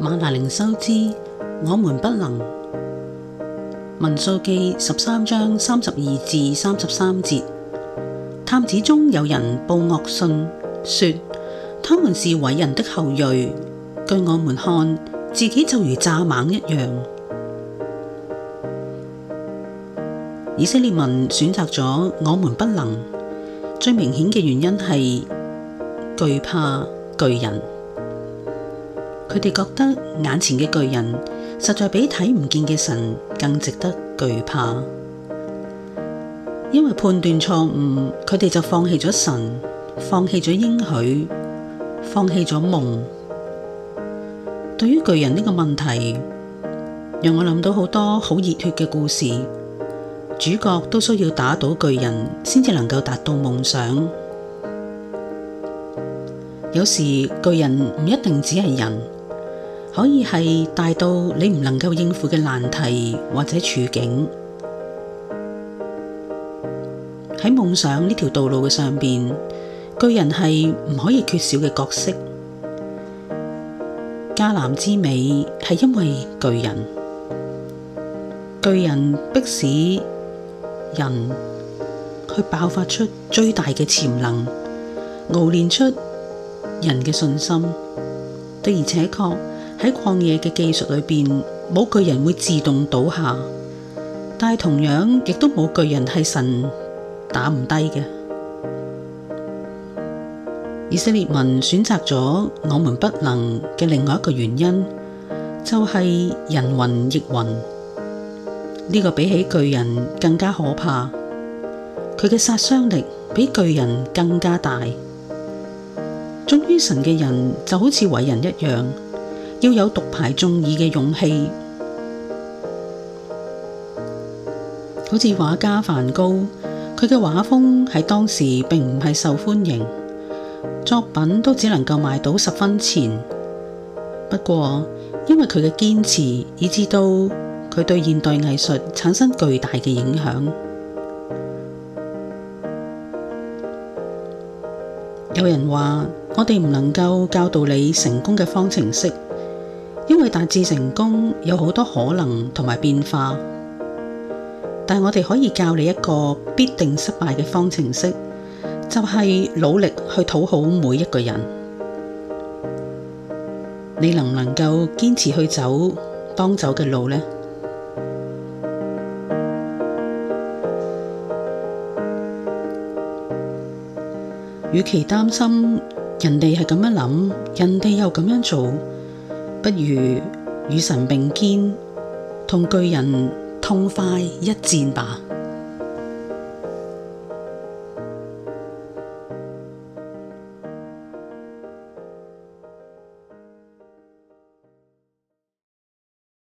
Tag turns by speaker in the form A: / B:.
A: 馬拿靈修之，我們不能。民數記十三章三十二至三十三節，探子中有人報惡信，說他們是偉人的後裔，據我們看，自己就如蚱蜢一樣。以色列民選擇咗我們不能，最明顯嘅原因係懼怕巨人。佢哋覺得眼前嘅巨人實在比睇唔見嘅神更值得懼怕，因為判斷錯誤，佢哋就放棄咗神，放棄咗應許，放棄咗夢。對於巨人呢個問題，讓我諗到好多好熱血嘅故事，主角都需要打倒巨人先至能夠達到夢想。有時巨人唔一定只係人。可以係大到你唔能夠應付嘅難題或者處境。喺夢想呢條道路嘅上邊，巨人係唔可以缺少嘅角色。迦南之美係因為巨人，巨人迫使人去爆發出最大嘅潛能，熬練出人嘅信心，的而且確。喺曠野嘅技術裏邊，冇巨人會自動倒下，但係同樣亦都冇巨人係神打唔低嘅。以色列民選擇咗我們不能嘅另外一個原因，就係人云亦云。呢個比起巨人更加可怕，佢嘅殺傷力比巨人更加大。忠於神嘅人就好似偉人一樣。要有獨排眾議嘅勇氣，好似畫家梵高，佢嘅畫風喺當時並唔係受歡迎，作品都只能夠賣到十分錢。不過，因為佢嘅堅持，以致到佢對現代藝術產生巨大嘅影響。有人話，我哋唔能夠教導你成功嘅方程式。因為大致成功有好多可能同埋變化，但我哋可以教你一個必定失敗嘅方程式，就係努力去討好每一個人。你能唔能夠堅持去走當走嘅路呢？與其擔心人哋係咁樣諗，人哋又咁樣做。不如與神並肩，同巨人痛快一戰吧。